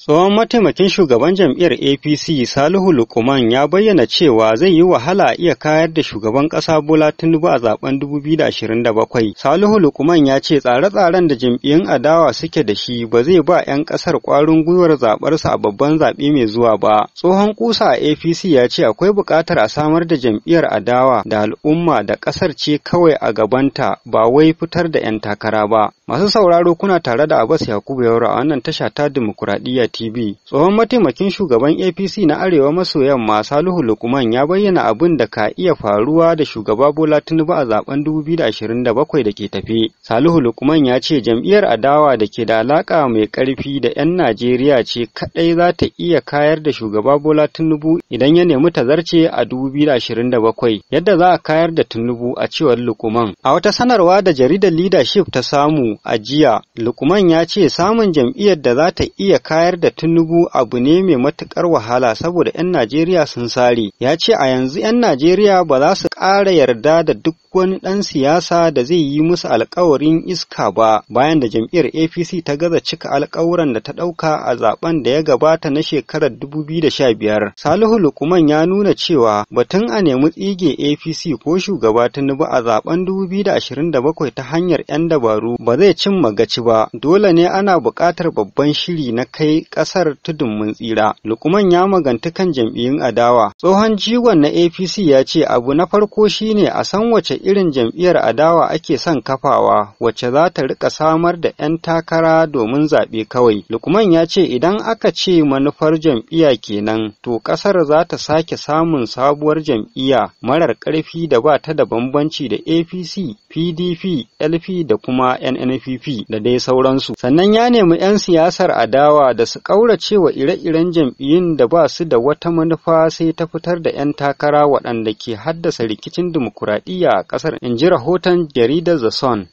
Tsohon mataimakin shugaban jam'iyyar APC Salihu Lukuman ya bayyana cewa zai yi wahala a iya kayar da shugaban ƙasa Bola Tinubu a zaben 2027. Salihu Lukuman ya ce tsare-tsaren da jam'iyyun adawa suke da shi ba zai ba 'yan ƙasar ƙwarin gwiwar zaɓarsa a babban zaɓe mai zuwa ba. Tsohon ƙusa a APC ya ce akwai buƙatar a samar da jam'iyyar adawa da al'umma da ƙasar ce kawai a gabanta ba wai fitar da 'yan takara ba. Masu sauraro kuna tare da Abbas Yakubu Yaura a wannan tasha ta dimokuraɗiyya TV. Tsohon mataimakin shugaban APC na Arewa maso yamma Salihu Lukman ya bayyana abin da ka iya faruwa da shugaba Bola Tinubu a zaben 2027 da ke tafe. Salihu Lukman ya ce jam'iyyar adawa da ke da alaka mai ƙarfi da 'yan Najeriya ce kadai za ta iya kayar da shugaba Bola Tinubu idan ya nemi tazarce a 2027. Yadda za a kayar da Tinubu a cewar Lukman. A wata sanarwa da jaridar Leadership ta samu a jiya, Lukman ya ce samun jam'iyyar da za ta iya kayar da Tinubu abu ne mai matuƙar wahala saboda 'yan Najeriya sun sare. Ya ce a yanzu 'yan Najeriya ba za su ƙara yarda da duk wani ɗan siyasa da zai yi musu alkawarin iska ba bayan da jam'iyyar apc ta gaza cika alkawuran da ta ɗauka a zaben da ya gabata na shekarar 2015 salihu Lukman ya nuna cewa batun a nemi tsige apc ko shugaba tinubu a zaben 2027 ta hanyar 'yan dabaru ba zai cimma gaci ba dole ne ana buƙatar babban shiri na kai ƙasar tudun mun tsira. Lukman ya maganti kan jam'iyyun adawa. Tsohon jigon na APC ya ce abu na farko shine a san wace irin jam'iyyar adawa ake son kafawa wace za ta rika samar da 'yan takara domin zaɓe kawai. Lukman ya ce idan aka ce manufar jam'iyya kenan to ƙasar za ta sake samun sabuwar jam'iyya marar ƙarfi da ba ta da bambanci da APC, PDP, LP da kuma NNPP da dai sauransu. Sannan ya nemi 'yan siyasar adawa da su ƙauracewa ire-iren jam'iyyun da ba su da wata manufa sai ta fitar da 'yan takara waɗanda ke haddasa rikicin dimokuraɗiyya a ƙasar, in ji rahoton jaridar The Sun.